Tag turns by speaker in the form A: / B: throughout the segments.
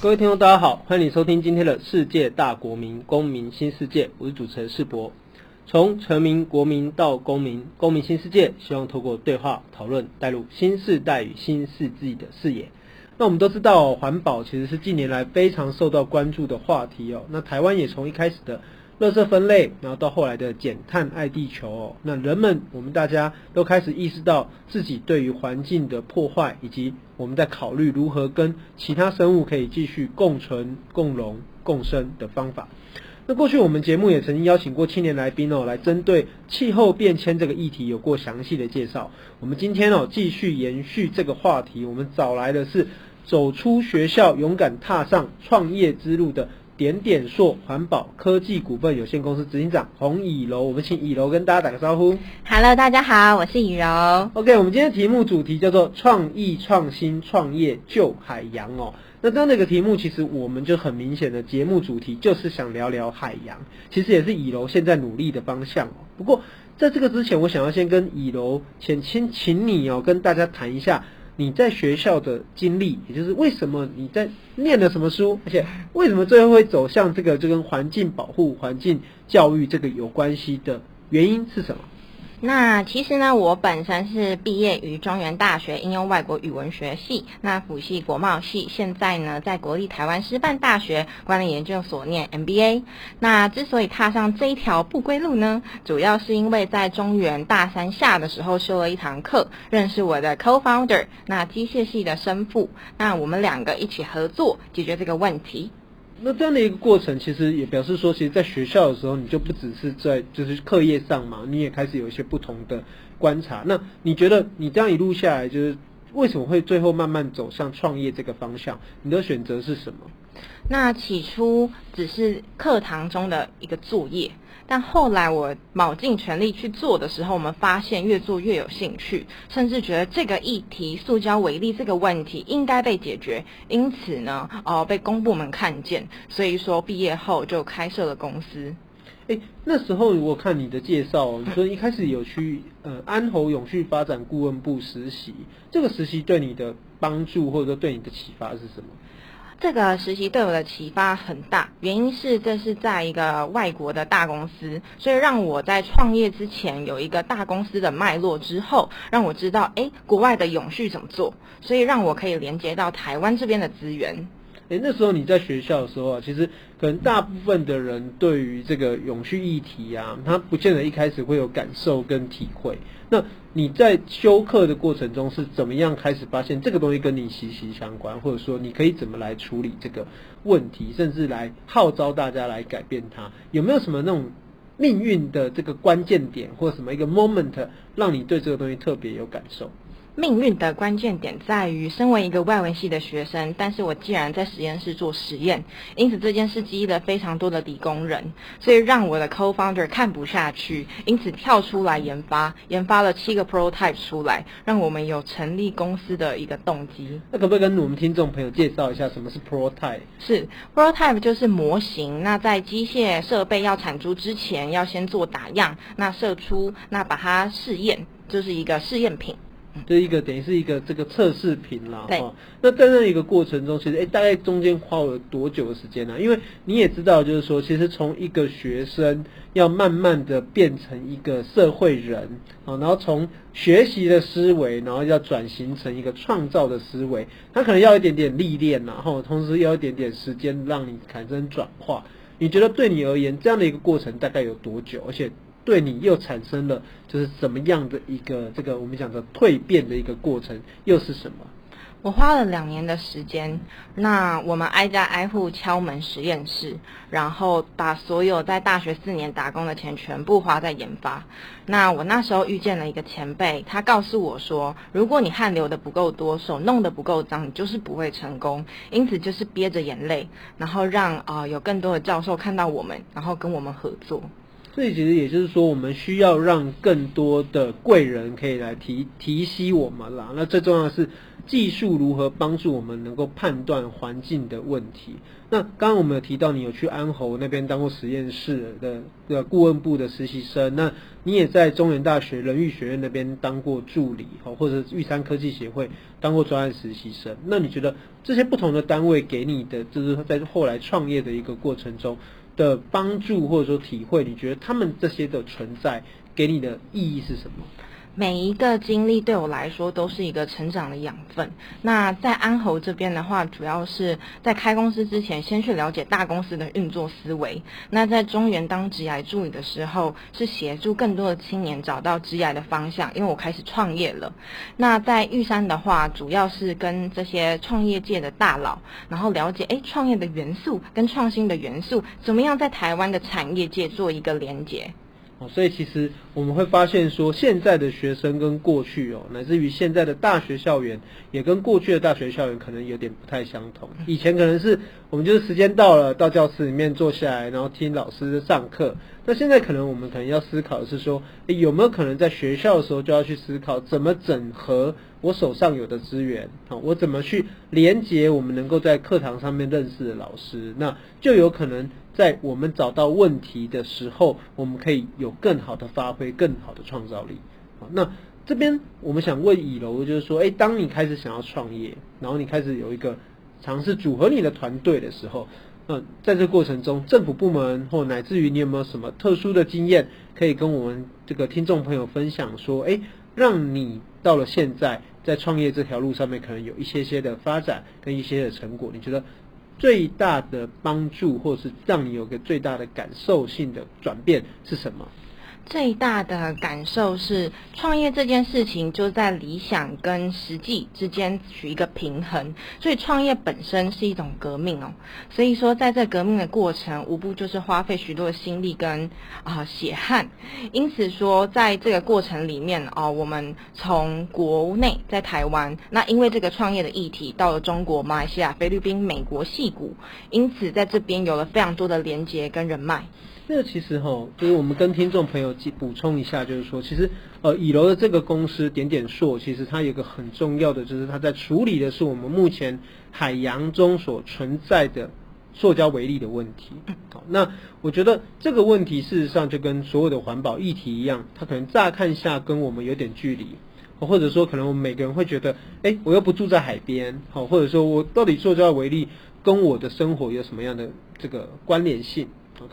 A: 各位聽眾，大家好，歡迎你收聽今天的《世界大國民公民新世界》，我是主持人世博。從臣民、國民到公民，公民新世界，希望透過對話討論，帶入新世代與新世紀的視野。那我們都知道，環保其實是近年來非常受到關注的話題哦。那台灣也從一開始的垃圾分類，然後到後來的減碳愛地球，哦，那人們我們大家都開始意識到自己對於環境的破壞，以及我們在考慮如何跟其他生物可以繼續共存、共榮、共生的方法。那過去我們節目也曾經邀請過青年來賓哦，來針對氣候變遷這個議題有過詳細的介紹。我們今天哦繼續延續這個話題，我們找來的是走出學校、勇敢踏上創業之路的。點點塑環保科技股份有限公司執行長洪以柔，我們請以柔跟大家打個招呼。
B: Hello，大家好，我是以柔。
A: OK，我們今天的題目主題叫做“創意、創新、創業救海洋”哦、喔。那剛剛那個題目，其實我們就很明顯的節目主題，就是想聊聊海洋。其實也是以柔現在努力的方向哦、喔。不過，在這個之前，我想要先跟以柔，請請請你哦、喔，跟大家談一下。你在學校的經歷，也就是為什麼你在念了什麼書，而且為什麼最後會走向這個就跟環境保護、環境教育這個有關係的原因是什麼？
B: 那其實呢，我本身是畢業於中原大學應用外國語文學系，那輔系國貿系，現在呢，在國立台灣師範大學管理研究所念 MBA。那之所以踏上這一條不歸路呢，主要是因為在中原大三下的時候修了一堂課，認識我的 co-founder，那機械系的生父，那我們兩個一起合作解決這個問題。
A: 那這樣的一個過程，其實也表示說，其實，在學校的時候，你就不只是在就是課業上嘛，你也開始有一些不同的觀察。那你覺得，你這樣一路下來，就是為什麼會最後慢慢走向創業這個方向？你的選擇是什麼？那
B: 起初只是課堂中的一個作業。但後來我卯盡全力去做的時候，我們發現越做越有興趣，甚至覺得這個議題——塑膠微粒，這個問題應該被解決。因此呢，哦、呃，被公部門看見，所以說畢業後就開設了公司。哎，那時候我看你
A: 的介紹，說一開始有去 呃安侯永續發展顧問部實習，這個實習對你的幫助或者說對你的啟發是什麼？
B: 這個實習對我的啟發很大，原因是這是在一個外國的大公司，所以讓我在創業之前有一個大公司的脈絡之後，讓我知道，哎，國外的永續怎麼做，所以讓我可以連接到台灣這邊的資源。
A: 哎，那時候你在學校的時候，啊，其實可能大部分的人對於這個永續議題啊，他不見得一開始會有感受跟體會。那你在修課的過程中是怎麼樣開始發現這個東西跟你息息相關，或者說你可以怎麼來處理這個問題，甚至來號召大家來改變它？有沒有什麼那種命運的這個關鍵點，或者什麼一個 moment 讓你對這個東西特別有感受？
B: 命運的關鍵點在於，身為一個外文系的學生，但是我既然在實驗室做實驗，因此這件事激勵了非常多的理工人，所以讓我的 co-founder 看不下去，因此跳出來研發，研發了七個 prototype 出來，讓我們有成立公司的一個動機。那可不可以跟我們聽眾朋友介紹一下，什麼是 prototype？是 prototype 就是模型。那在機械設備要產出之前，要先做打樣，那射出，那把它試驗，就是一個試驗品。
A: 這一個等於是一個這個測試品啦。對哦，那在那一個過程中，其實哎，大概中間花了多久的時間呢、啊？因為你也知道，就是說，其實從一個學生要慢慢的變成一個社會人、哦、然後從學習的思維，然後要轉型成一個創造的思維，他可能要一點點歷練，然、哦、後同時要一點點時間讓你產生轉化。你覺得對你而言，這樣的一個過程大概有多久？而且。對你又產生了就是怎麼樣的一個這個我們講的蛻變的一個過程又是什麼？
B: 我花了兩年的時間，那我們挨家挨戶敲門實驗室，然後把所有在大學四年打工的錢全部花在研發。那我那時候遇見了一個前輩，他告訴我說，如果你汗流的不夠多，手弄得不夠髒，你就是不會成功。因此就是憋着眼淚，然後讓啊、呃、有更多的教授看到我們，然後跟我們合作。
A: 這其實也就是說，我們需要讓更多的貴人可以來提提攜我們啦。那最重要的是，技術如何幫助我們能夠判斷環境的問題？那剛剛我們有提到，你有去安侯那邊當過實驗室的呃顧問部的實習生，那你也在中原大學人育學院那邊當過助理，或者是玉山科技協會當過專案實習生。那你覺得這些不同的單位給你的，就是在後來創業的一個過程中？的幫助或者說體會，你覺得他們這些的存在給你的意義是什麼？
B: 每一個經歷對我來說都是一個成長的養分。那在安侯這邊的話，主要是在開公司之前，先去了解大公司的運作思維。那在中原當職涯助理的時候，是協助更多的青年找到職涯的方向，因為我開始創業了。那在玉山的話，主要是跟這些創業界的大佬，然後了解哎創業的元素跟創新的元素，怎麼樣在台灣的產業界做一個連結。
A: 所以其實我們會發現說，現在的學生跟過去哦，乃至於現在的大學校園，也跟過去的大學校園可能有點不太相同。以前可能是我們就是時間到了，到教室裡面坐下來，然後聽老師上課。那現在可能我們可能要思考的是說，有沒有可能在學校的時候就要去思考，怎麼整合我手上有的資源？好、哦，我怎麼去連接我們能夠在課堂上面認識的老師？那就有可能。在我們找到問題的時候，我們可以有更好的發揮，更好的創造力。好，那這邊我們想問以柔，就是說，誒、欸，當你開始想要創業，然後你開始有一個嘗試組合你的團隊的時候，那在這過程中，政府部門或乃至於你有沒有什麼特殊的經驗，可以跟我們這個聽眾朋友分享？說，誒、欸，讓你到了現在在創業這條路上面，可能有一些些的發展跟一些些的成果，你覺得？最大的幫助，或是讓你有個最大的感受性的轉變是什麼？
B: 最大的感受是，創業這件事情就在理想跟實際之間取一個平衡，所以創業本身是一種革命哦。所以說，在這革命的過程，無不就是花費許多的心力跟啊、呃、血汗。因此說，在這個過程裡面哦、呃，我們從國內在台灣，那因為這個創業的議題到了中國、馬來西亞、菲律賓、美國矽谷，因此在這邊有了非常多的連結跟人脈。
A: 那其實哦，就是我們跟聽眾朋友。補充一下，就是說，其實呃，以柔的這個公司點點塑，其實它有個很重要的，就是它在處理的是我們目前海洋中所存在的塑膠微粒的問題。好，那我覺得這個問題事實上就跟所有的環保議題一樣，它可能乍看一下跟我們有點距離，或者說可能我們每個人會覺得，哎，我又不住在海邊，好，或者說我到底塑膠微粒，跟我的生活有什麼樣的這個關聯性？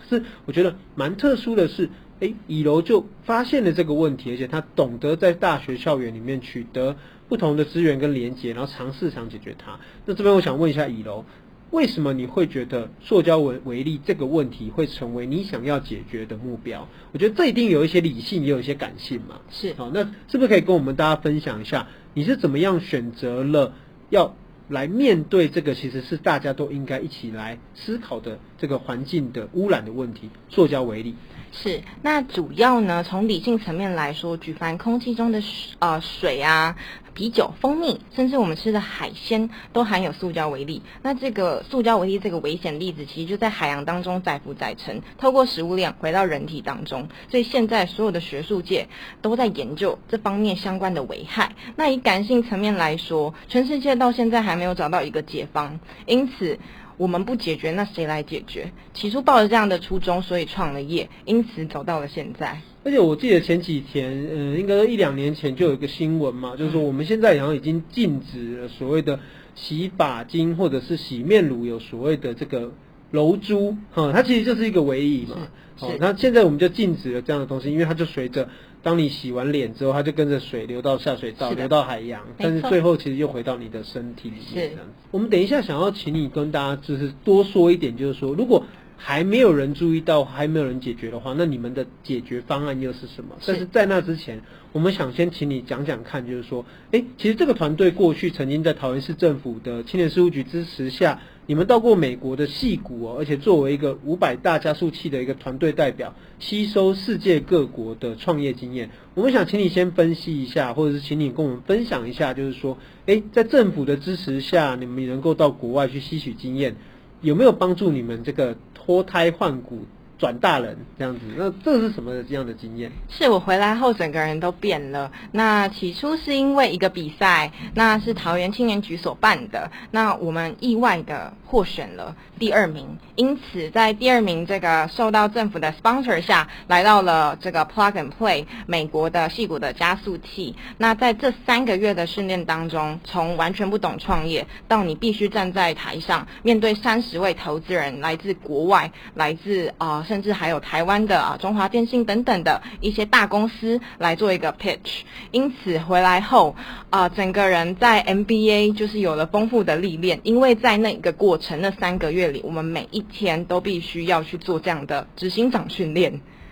A: 可是我覺得蠻特殊的是。哎，以柔、欸、就發現了這個問題，而且他懂得在大學校園裡面取得不同的資源跟連接，然後嘗試想解決它。那這邊我想問一下以柔，為什麼你會覺得塑膠微粒這個問題會成為你想要解決的目標？我覺得這一定有一些理性，也有一些感性嘛。是，好，那是不是可以跟我們大家分享一下，你是怎麼樣選擇了要？來面對這個，其實是大家都應該一起來思考的這個環境的污染的問題。塑膠微粒。是，
B: 那主要呢？從理性層面來說，舉凡空氣中的水，呃，水啊、啤酒、蜂蜜，甚至我們吃的海鮮，都含有塑膠微粒，那這個塑膠微粒，這個危險粒子，其實就在海洋當中載浮載沉，透過食物鏈回到人體當中。所以現在所有的學術界都在研究這方面相關的危害。那以感性層面來說，全世界到現在還。沒有找到一個解方，因此我們不解決，那誰來解決？起初抱着這樣的初衷，所以創了業，因此走到了現在。而且
A: 我記得前幾天，嗯，應該一兩年前就有一個新聞嘛，就是說我們現在好像已經禁止了所謂的洗髮精、或者是洗面乳有所謂的這個柔珠、嗯，它其實就是一個微粒嘛。好，那、哦、現在我們就禁止了這樣的東西，因為它就隨着。當你洗完臉之後，它就跟着水流到下水道，的流到海洋，但是最後其實又回到你的身體裡面，這樣子。是我們等一下想要請你跟大家就是多說一點，就是說如果。還沒有人注意到，還沒有人解決的話，那你們的解決方案又是什麼？是但是在那之前，我們想先請你講講看，就是說，哎，其實這個團隊過去曾經在桃園市政府的青年事務局支持下，你們到過美國的矽谷哦，而且作為一個五百大加速器的一個團隊代表，吸收世界各國的創業經驗。我們想請你先分析一下，或者是請你跟我們分享一下，就是說，哎，在政府的支持下，你們能夠到國外去吸取經驗，有沒有幫助你們這個？脫胎換骨。轉大人這樣子，那這是什麼這樣的經驗？
B: 是我回來後整個人都變了。那起初是因為一個比賽，那是桃園青年局所辦的，那我們意外的獲選了第二名。因此，在第二名這個受到政府的 sponsor 下來到了這個 plug and play 美國的矽谷的加速器。那在這三個月的訓練當中，從完全不懂創業，到你必須站在台上面對三十位投資人，來自國外，來自啊。呃甚至還有台灣的啊，中華電信等等的一些大公司來做一個 pitch，因此回來後啊，整個人在 MBA 就是有了豐富的歷練，因為在那個過程那三個月裡，我們每一天都必須要去做這樣的執行長訓練。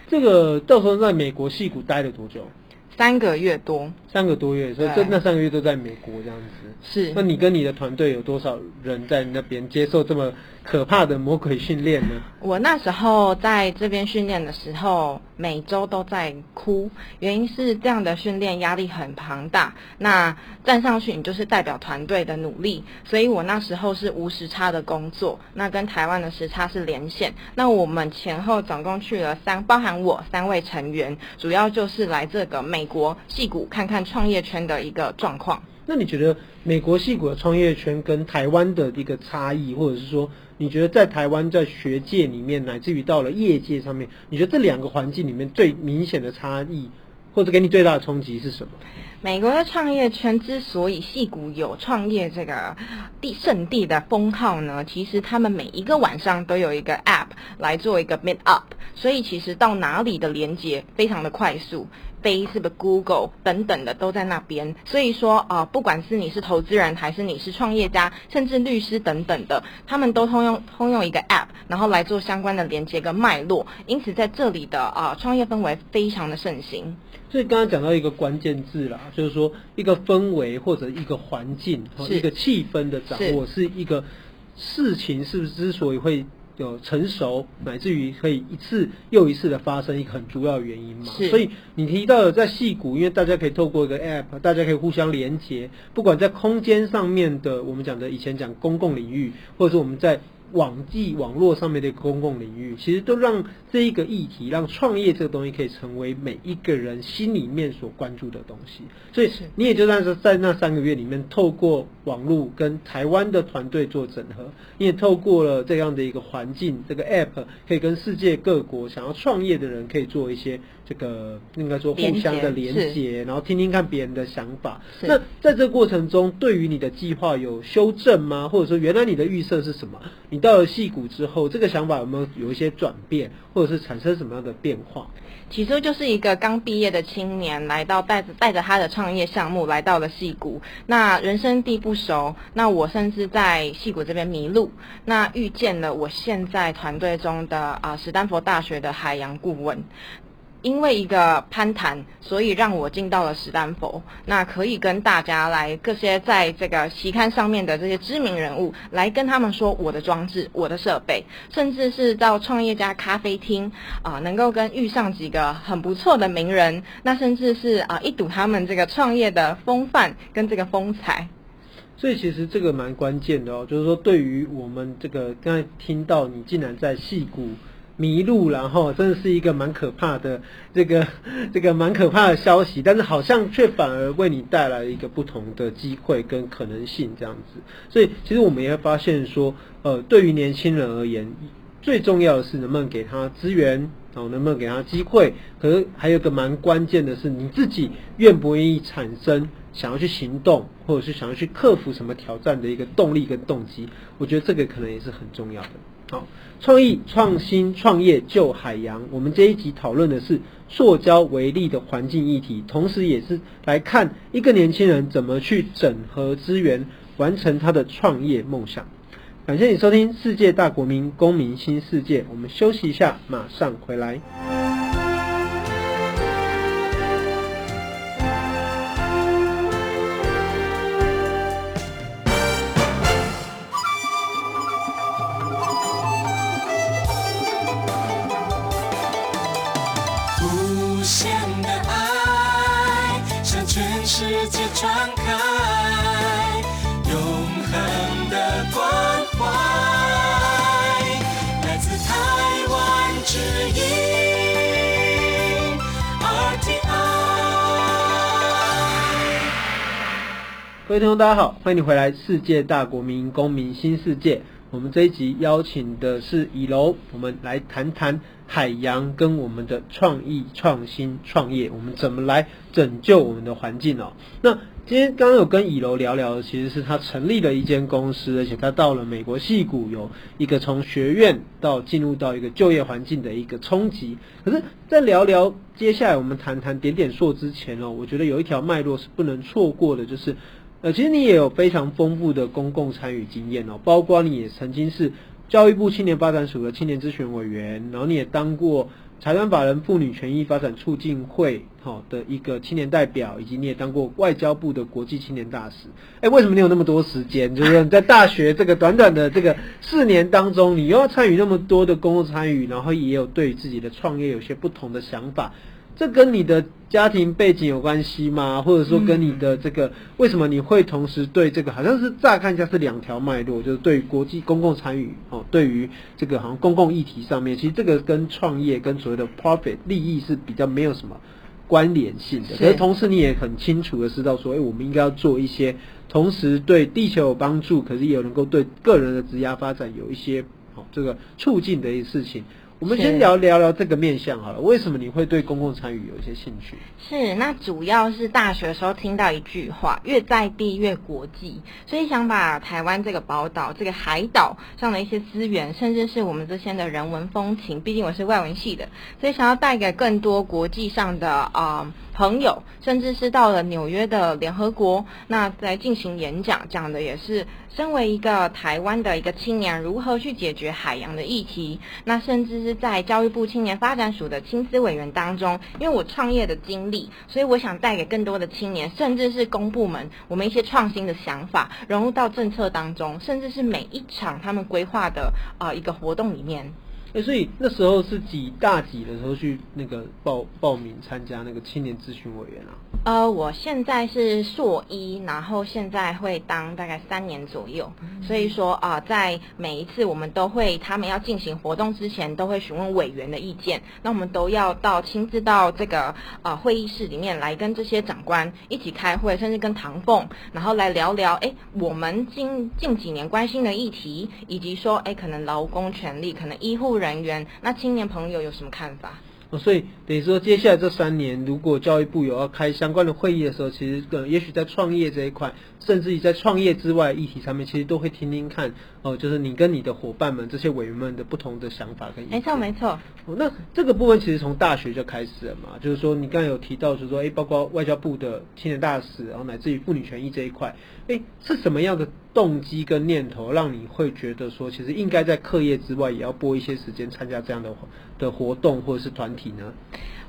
B: 這個到時候在美國矽谷待了多久？三個月多，三個多月，所以這那三個月都在美
A: 國這樣子。是，那你跟你的團隊有多少人在你那邊接受這麼？可怕的魔鬼訓練呢？
B: 我那時候在這邊訓練的時候，每周都在哭，原因是這樣的訓練壓力很龐大。那站上去，你就是代表團隊的努力，所以我那時候是無時差的工作，那跟台灣的時差是連線。那我們前後總共去了三，包含我三位成員，主要就是來這個美國矽谷看看創業圈的一個狀況。
A: 那你覺得美國矽谷的創業圈跟台灣的一個差異，或者是說？你覺得在台灣，在學界裡面，乃至於到了業界上面，你覺得這兩個環境裡面最明顯的差異，或者給你最大的衝擊是什麼？
B: 美國的創業圈之所以矽谷有創業這個地聖地的封號呢，其實他們每一個晚上都有一個 App 來做一個 Meet Up，所以其實到哪裡的連接非常的快速。FB 是不是 Google 等等的都在那邊，所以說啊、呃，不管是你是投資人，還是你是創業家，甚至律師等等的，他們都通用通用一個 App，然後來做相關的連接跟脈絡。因此，在這裡的啊、呃，創業氛圍非常的盛行。
A: 所以剛剛講到一個關鍵字啦，就是說一個氛圍或者一個環境、是一個氣氛的掌握，是一個事情是不是之所以會。就成熟，乃至於可以一次又一次的發生，一個很主要的原因嘛。是所以你提到的在矽谷，因為大家可以透過一個 App，大家可以互相連接，不管在空間上面的，我們講的以前講公共領域，或者是我們在。網際網絡上面的公共領域，其實都讓這一個議題，讓創業這個東西可以成為每一個人心裡面所關注的東西。所以你也就算是在那三個月裡面，透過網絡跟台灣的團隊做整合，你也透過了這樣的一個環境，這個 App 可以跟世界各國想要創業的人可以做一些。這個應該說互相的連接，連結，然後聽聽看別人的想法。是那在這過程中，對於你的計劃有修正嗎？或者說，原來你的預設是什麼？你到了矽谷之後，這個想法有沒有有一些轉變，或者是產生什麼樣的變化？
B: 其實就是一個剛畢業的青年來到，帶着帶着他的創業項目來到了矽谷。那人生地不熟，那我甚至在矽谷這邊迷路。那遇見了我現在團隊中的啊、呃，史丹佛大學的海洋顧問。因為一個攀談，所以讓我進到了史丹佛。那可以跟大家來，這些在這個期刊上面的這些知名人物，來跟他們說我的裝置、我的設備，甚至是到創業家咖啡廳啊、呃，能夠跟遇上幾個很不錯的名人，那甚至是啊、呃，一睹他們這個創業的風範跟這個風采。
A: 所以其實這個蠻關鍵的哦，就是說對於我們這個剛才聽到你竟然在矽谷。迷路，然後真的是一個蠻可怕的這個這個蠻可怕的消息，但是好像卻反而為你帶來一個不同的機會跟可能性這樣子。所以其實我們也會發現說，呃，對於年輕人而言，最重要的是能不能給他資源，哦，能不能給他機會。可是還有個蠻關鍵的是，你自己願不願意產生想要去行動，或者是想要去克服什麼挑戰的一個動力跟動機。我覺得這個可能也是很重要的。好，創意、創新、創業救海洋。我們這一集討論的是塑膠微粒的環境議題，同時也是來看一個年輕人怎麼去整合資源，完成他的創業夢想。感謝你收聽《世界大國民公民新世界》，我們休息一下，馬上回來。各位聽眾，大家好，歡迎你回來《世界大國民公民新世界》。我們這一集邀請的是以柔，我們來談談海洋跟我們的創意、創新、創業，我們怎麼來拯救我們的環境哦。那今天剛剛有跟以柔聊聊的，其實是他成立了一間公司，而且他到了美國矽谷，有一個從學院到進入到一個就業環境的一個衝擊。可是，在聊聊接下來我們談談點點塑之前哦，我覺得有一條脈絡是不能錯過的，就是。呃，其實你也有非常豐富的公共參與經驗哦，包括你也曾經是教育部青年發展署的青年諮詢委員，然後你也當過財團法人婦女權益發展促進會好的一個青年代表，以及你也當過外交部的國際青年大使。誒，為什麼你有那麼多時間？就是在大學這個短短的這個四年當中，你又要參與那麼多的公共參與，然後也有對於自己的創業有些不同的想法。這跟你的家庭背景有關係嗎？或者說跟你的這個、嗯、為什麼你會同時對這個好像是乍看一下是兩條脈絡，就是對國際公共參與哦，對於這個好像公共議題上面，其實這個跟創業跟所謂的 profit 利益是比較沒有什麼關聯性的。而是同時你也很清楚的知道說，誒、欸、我們應該要做一些同時對地球有幫助，可是也有能夠對個人的職涯發展有一些好、哦、這個促進的一些事情。我們先聊聊聊這個面向好了。為什麼你會對公共參與有一些興
B: 趣？是那主要是大學的時候聽到一句話：越在地越國際，所以想把台灣這個寶島、這個海島上的一些資源，甚至是我們這邊的人文風情。畢竟我是外文系的，所以想要帶給更多國際上的啊、呃、朋友，甚至是到了紐約的聯合國，那來進行演講，講的也是身為一個台灣的一個青年如何去解決海洋的議題，那甚至是。在教育部青年發展署的青諮委員當中，因為我創業的經歷，所以我想帶給更多的青年，甚至是公部門，我們一些創新的想法融入到政策當中，甚至是每一場他們規劃的呃一個活動裡面。
A: 誒，所以那時候是幾大幾的時候去那個報報名參加那個青年諮詢委員啊？
B: 呃，我現在是碩一，然後現在會當大概三年左右。嗯。所以說啊，呃，在每一次我們都會他們要進行活動之前，都會詢問委員的意見。那我們都要到親自到這個，呃，會議室裡面來跟這些長官一起開會，甚至跟唐鳳，然後來聊聊哎，我們近近幾年關心的議題，以及說哎，可能勞工權利，可能醫護。人員，那青年朋友有什麼看法？
A: 哦，所以等於說，接下來這三年，如果教育部有要開相關的會議的時候，其實可能也許在創業這一塊。甚至於在創業之外議題上面，其實都會聽聽看哦、呃，就是你跟你的夥伴們、這些委員們的不同的想法跟意見。沒錯、欸、沒錯，哦、那這個部分其實從大學就開始了嘛，就是說你剛才有提到，就是說，哎，包括外交部的青年大使，然、哦、後乃至於婦女權益這一塊，哎，是什麼樣的動機跟念頭讓你會覺得說，其實應該在課業之外也要撥一
B: 些時間參加這樣
A: 的的活動或者是團體呢？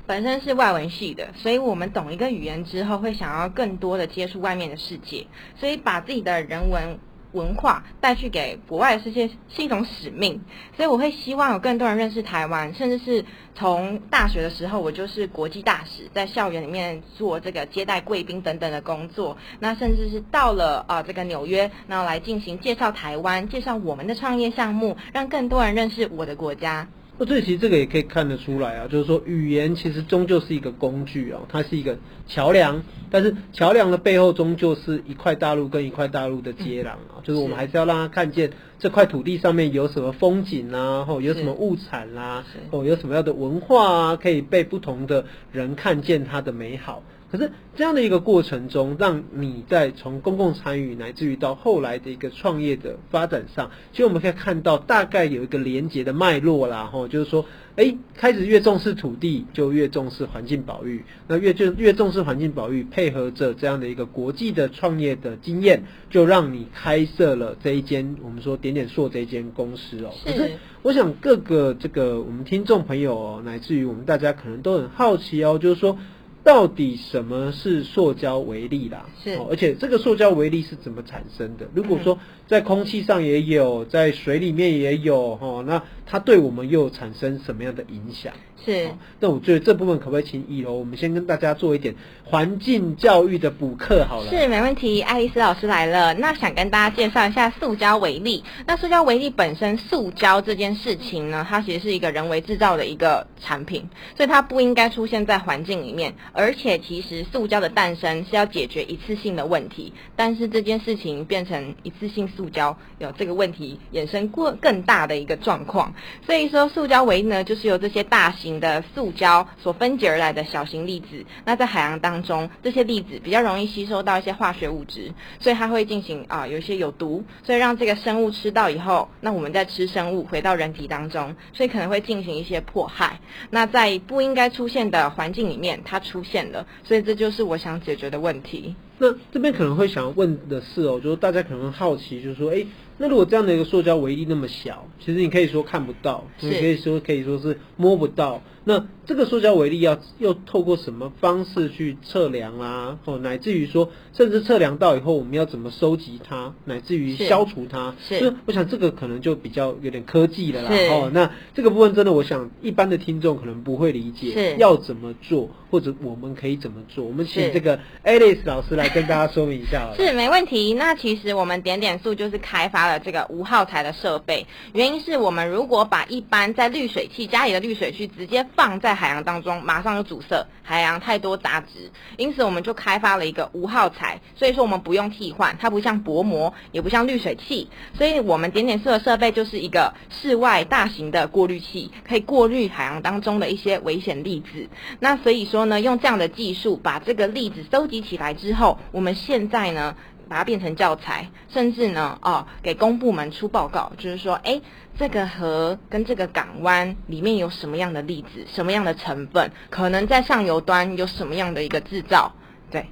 B: 本身是外文系的，所以我們懂一個語言之後，會想要更多的接觸外面的世界，所以把自己的人文文化帶去給國外的世界，是一種使命。所以我會希望有更多人認識台灣，甚至是從大學的時候，我就是國際大使，在校園裡面做這個接待貴賓等等的工作，那甚至是到了啊、呃、這個紐約，然後來進行介紹台灣，介紹我們的創業項目，讓更多人認識我的國家。
A: 那這其實這個也可以看得出來啊，就是說，語言其實終究是一個工具哦、啊，它是一個橋梁，但是橋梁的背後終究是一塊大陸跟一塊大陸的接壤啊，嗯，就是我們還是要讓他看見這塊土地上面有什麼風景啊，或有什麼物產啦、啊，或有什麼樣的文化啊，可以被不同的人看見它的美好。可是這樣的一個過程中，讓你在從公共參與乃至於到後來的一個創業的發展上，其實我們可以看到大概有一個連結的脈絡啦，吼，就是說，誒、欸，開始越重視土地，就越重視環境保育，那越就越重視環境保育，配合着這樣的一個國際的創業的經驗，就讓你開設了這一間我們說點點塑這一間公司哦、喔。是。可是我想各個這個我們聽眾朋友哦、喔，乃至於我們大家可能都很好奇哦、喔，就是說。到底什麼是塑膠微粒啦？是、哦，而且這個塑膠微粒是怎麼產生的？如果說在空氣上也有，在水裡面也有，吼、哦，那它對我們又產生什麼樣的影響？是、哦，那我覺得這部分可不可以請以柔，我們先跟大家做一點環境教育的補課好了。是，
B: 沒問題，愛麗絲老師來了。那想跟大家介紹一下塑膠微粒。那塑膠微粒本身，塑膠這件事情呢，它其實是一個人為製造的一個產品，所以它不應該出現在環境裡面。而且，其實塑膠的誕生是要解決一次性的問題，但是這件事情變成一次性塑膠有這個問題衍生過更大的一個狀況。所以說，塑膠微粒呢，就是由這些大型的塑膠所分解而來的小型粒子。那在海洋當中，這些粒子比較容易吸收到一些化學物質，所以它會進行啊、呃，有一些有毒，所以讓這個生物吃到以後，那我們再吃生物回到人體當中，所以可能會進行一些迫害。那在不應該出現的環境裡面，它出現了，所以這就是我想解決的問題。
A: 那這邊可能會想要問的是哦、喔，就是大家可能好奇，就是說，哎、欸，那如果這樣的一個塑膠微粒那麼小，其實你可以說看不到，是你也可以說可以說是摸不到。那這個塑膠微粒要又透過什麼方式去測量啦、啊？哦、喔，乃至於說，甚至測量到以後，我們要怎麼收集它，乃至於消除它？是，所以我想這個可能就比較有點科技了啦。哦是、喔，那這個部分真的，我想一般的聽眾可能不會理解，要怎麼做？或者我們可以怎麼做？我們請這個 Alice 老師來跟大家說明一下。是，
B: 沒問題。那其實我們點點塑就是開發了這個無耗材的設備，原因是我們如果把一般在濾水器家裡的濾水器直接放在海洋當中，馬上就阻塞，海洋太多雜質，因此我們就開發了一個無耗材。所以說我們不用替換，它不像薄膜，也不像濾水器，所以我們點點塑的設備就是一個室外大型的過濾器，可以過濾海洋當中的一些危險粒子。那所以說。用這樣的技術把這個粒子收集起來之後，我們現在呢把它變成教材，甚至呢哦給公部門出報告，就是說，哎、欸，這個河跟這個港灣裡面有什麼樣的粒子，什麼樣的成分，可能在上游端有什麼樣的一個制造？對，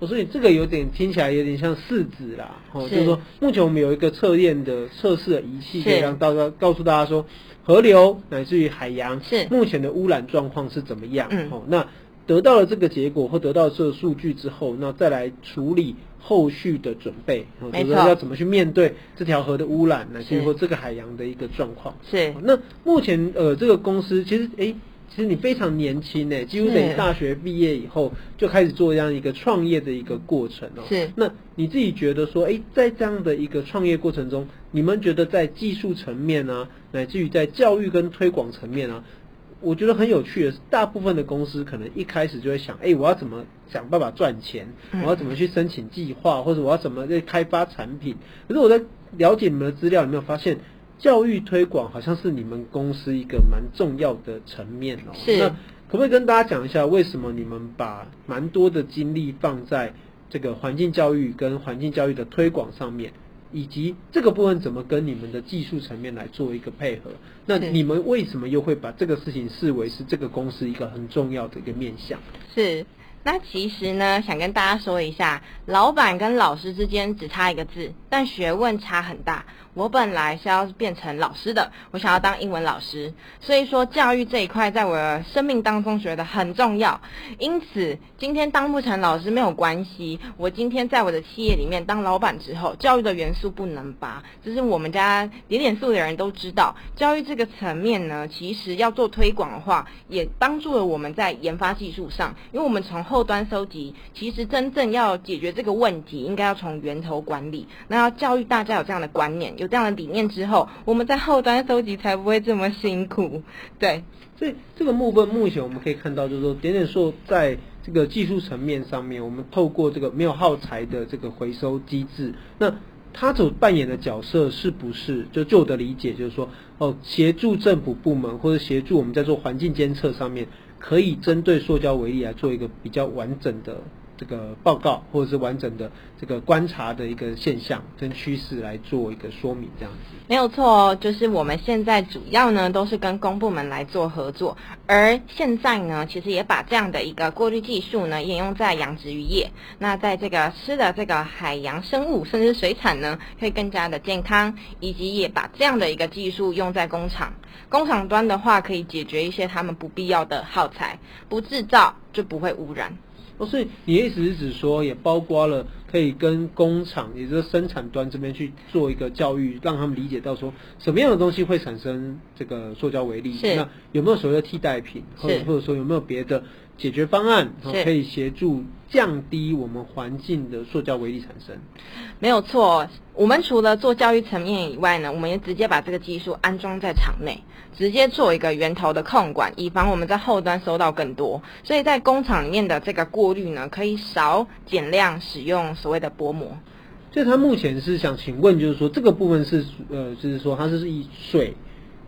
B: 我說你這個有點聽起來有點像試紙啦，哦，是就是說
A: 目前我們有一個測驗的測試的儀器，可以讓到告訴大家說河流乃至於海洋是目前的污染狀況是怎麼樣？嗯，哦，那。得到了這個結果或得到了這個數據之後，那再來處理後續的準備，比如說要怎麼去面對這條河的污染呢？比如說這個海洋的一個狀況？是。那目前呃，這個公司其實誒、欸，其實你非常年輕誒、欸，幾乎等於大學畢業以後是就開始做這樣一個創業的一個過程了，喔。是那你自己覺得說，哎，欸，在這樣的一個創業過程中，你們覺得在技術層面啊，乃至於在教育跟推廣層面啊？我覺得很有趣的是，大部分的公司可能一開始就會想，哎，我要怎麼想辦法賺錢？我要怎麼去申請計劃，或者我要怎麼去開發產品？可是我在了解你們的資料裡面，有沒有發現教育推廣好像是你們公司一個蠻重要的層面哦？是。那可不可以跟大家講一下，為什麼你們把蠻多的精力放在這個環境教育跟環境教育的推廣上面？以及這個部分怎麼跟你們的技術層面來做一個配合？那你們為什麼又會把這個事情視為是這個公司一個很重要的一個面向？
B: 是，那其實呢，想跟大家說一下，老闆跟老師之間只差一個字，但學問差很大。我本來是要變成老師的，我想要當英文老師，所以說教育這一塊在我的生命當中覺得很重要。因此，今天當不成老師沒有關係。我今天在我的企業裡面當老闆之後，教育的元素不能拔，就是我們家點點塑的人都知道，教育這個層面呢，其實要做推廣的話，也幫助了我們在研發技術上，因為我們從後端收集，其實真正要解決這個問題，應該要從源頭管理，那要教育大家有這樣的觀念。有這樣的理念之後，我們在後端收集才不會這麼辛苦，對。
A: 所以這個部分目前我們可以看到，就是說點點塑在這個技術層面上面，我們透過這個沒有耗材的這個回收機制，那它所扮演的角色是不是就？就我的理解就是說，哦，協助政府部門或者協助我們在做環境監測上面，可以針對塑膠微粒來做一個比較完整的。這個報告或者是完整的這個觀察的一個現象跟趨勢來做一個說明，這樣子
B: 沒有錯哦。就是我們現在主要呢都是跟公部門來做合作，而現在呢其實也把這樣的一個過濾技術呢也用在養殖漁業，那在這個吃的這個海洋生物甚至水產呢會更加的健康，以及也把這樣的一個技術用在工廠，工廠端的話可以解決一些他們不必要的耗材，不製造就不會污染。
A: 哦，所以，你的意思是指說，也包括了可以跟工廠，也就是生產端這邊去做一個教育，讓他們理解到說，什麼樣的東西會產生這個塑膠微粒？是那有沒有所謂的替代品，或或者說有沒有別的？解決方案可以
B: 協助降低我們環境的塑膠微粒產生。沒有錯，我們除了做教育層面以外呢，我們也直接把這個技術安裝在廠內，直接做一個源頭的控管，以防我們在後端收到更多。所以在工廠裡面的這個過濾呢，可以少減量使用所謂的薄膜。
A: 所以他目前是想請問，就是說這個部分是呃，就是說它是以水。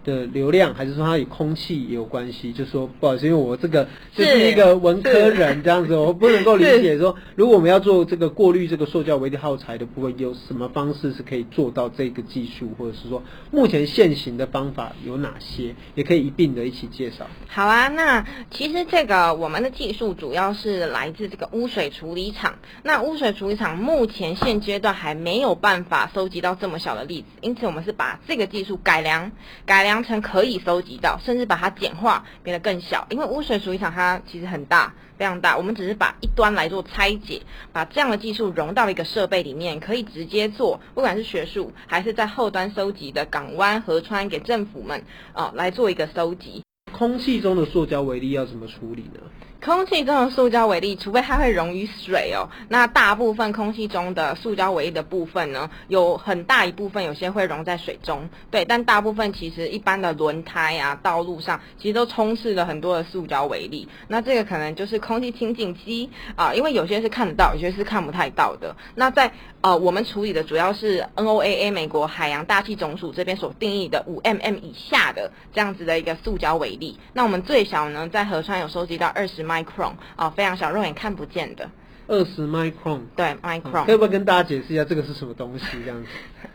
A: 的流量還是說它與空氣也有關係？就說不好意思，因為我這個就是一個文科人對這樣子，我不能夠理解說，說對如果我們要做這個過濾這個塑膠微粒耗材的部分，有什麼方式是可以做到這個技術，或者是說目前現行的方法有哪些？也可以一併的一起介紹。
B: 好啊，那其實這個我們的技術主要是來自這個污水處理廠。那污水處理廠目前現階段還沒有辦法收集到這麼小的粒子，因此我們是把這個技術改良，改良，揚塵可以收集到，甚至把它簡化變得更小，因為污水處理廠它其實很大，非常大。我們只是把一端來做拆解，把這樣的技術融到一個設備裡面，可以直接做，不管是學術還是在後端收集的港灣、河川，給政府們啊、呃、來做一個收集。
A: 空氣中的塑膠微粒要怎麼處理呢？
B: 空氣中的塑膠微粒，除非它會溶於水哦、喔。那大部分空氣中的塑膠微粒的部分呢，有很大一部分有些會溶在水中。對，但大部分其實一般的輪胎啊，道路上其實都充斥了很多的塑膠微粒。那這個可能就是空氣清淨機啊，因為有些是看得到，有些是看不太到的。那在呃，我們處理的主要是 NOAA 美國海洋大氣總署這邊所定義的五 mm 以下的這樣子的一個塑膠微粒，那我們最小呢，在河川有收集到二十。micron 啊、哦，非常小，肉眼看不見的。
A: 二十 micron，對，micron。Mic 可不可以跟大家解釋一下這個是什麼東西？這樣子。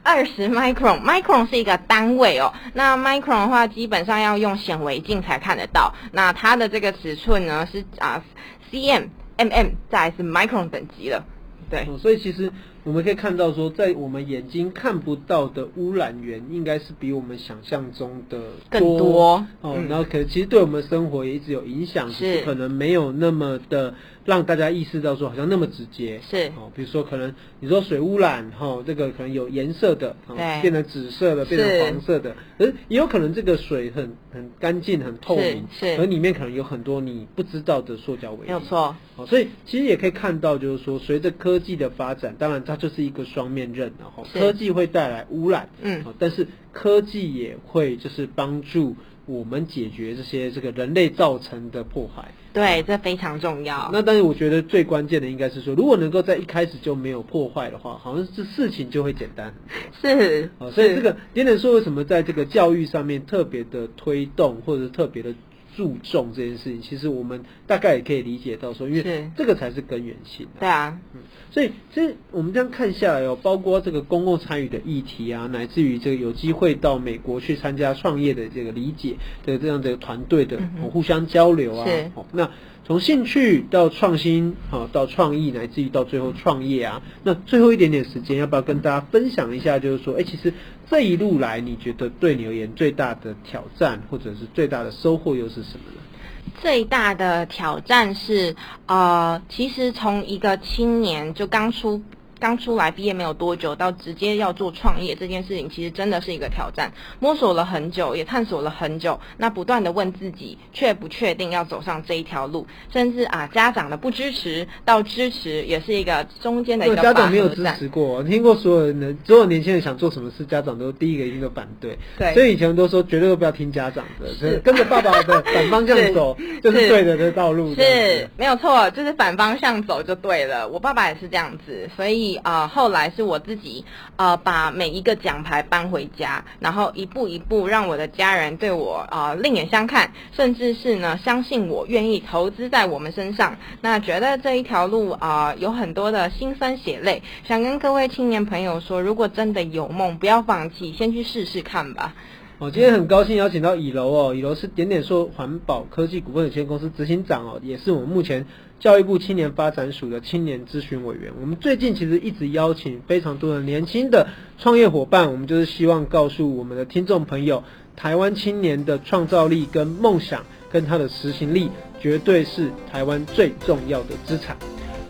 B: 二十 micron，micron 是一個單位哦。那 micron 的話，基本上要用顯微鏡才看得到。那它的這個尺寸呢，是啊，cm、mm，再來是 micron 等
A: 級了。對，哦、所以其實。我們可以看到，說在我們眼睛看不到的污染源，應該是比我們想象中的多、哦、更多哦、嗯。然後，可其實對我們的生活也一直有影響，是可能沒有那麼的。讓大家意識到說好像那麼直接是哦，比如說可能你說水污染哈、哦，這個可能有顏色的，哦、對變成紫色的，是變成黃色的，可是也有可能這個水很很乾淨很透明，是，是而裡面可能有很多你不知道的塑膠微粒，沒有錯錯、哦。所以其實也可以看到，就是說隨着科技的發展，當然它就是一個雙面刃，哈、哦，是科技會帶來污染，嗯、哦，但是科技也會就是幫助。我們解決這些這個人類造成的破壞，
B: 對，這非常重要、嗯。那但是
A: 我覺得最關鍵的應該是說，如果能夠在一開始就沒有破壞的話，好像是事情就會簡單很多
B: 是、嗯，所以這個
A: 是點點塑，為什麼在這個教育上面特別的推動或者是特別的。注重這件事情，其實我們大概也可以理解到說，因為這個才是根源性啊。對啊，嗯，所以所以我們這樣看下來哦，包括這個公共參與的議題啊，乃至於這個有機會到美國去參加創業的這個理解的這樣的團隊的、嗯、哼互相交流啊，是哦、那。從興趣到創新，到創意，乃至於到最後創業啊，那最後一點點時間，要不要跟大家分享一下？就是說，哎、欸，其實這一路來，你覺得對你而言最大的挑戰，或者是最大的收穫又是什麼呢？
B: 最大的挑戰是，呃，其實從一個青年就剛出。剛出來畢業沒有多久，到直接要做創業這件事情，其實真的是一個挑戰。摸索了很久，也探索了很久，那不斷地問自己，卻不確定要走上這一條路，甚至啊，家長的不支持到支持，也是一個中間的一個。對，家長沒有支
A: 持過，聽過所有人，所有年輕人想做什麼事，家長都第一個一定反對。對，所以以前都說絕對都不要聽家長的，是跟着爸爸的反方向走， 是就是對的，的，這道路。是
B: 沒有錯，就是反方向走就對了。我爸爸也是這樣子，所以。啊、呃，後來是我自己啊、呃，把每一個獎牌搬回家，然後一步一步讓我的家人對我啊、呃、另眼相看，甚至是呢相信我，願意投資在我們身上。那覺得這一條路啊、呃、有很多的辛酸血淚，想跟各位青年朋友說，如果真的有夢，不要放棄，先去試試看吧。
A: 我、哦、今天很高興邀請到以柔哦，以柔是點點塑環保科技股份有限公司執行長哦，也是我們目前。教育部青年發展署的青年諮詢委員，我們最近其實一直邀請非常多的年輕的創業夥伴，我們就是希望告訴我們的聽眾朋友，台灣青年的創造力跟夢想跟他的執行力，絕對是台灣最重要的資產。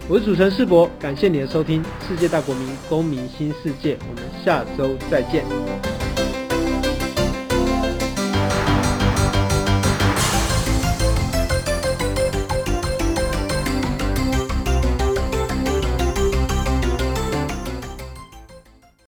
A: 我是主持人世博，感謝你的收聽，《世界大國民公民新世界》，我們下周再見。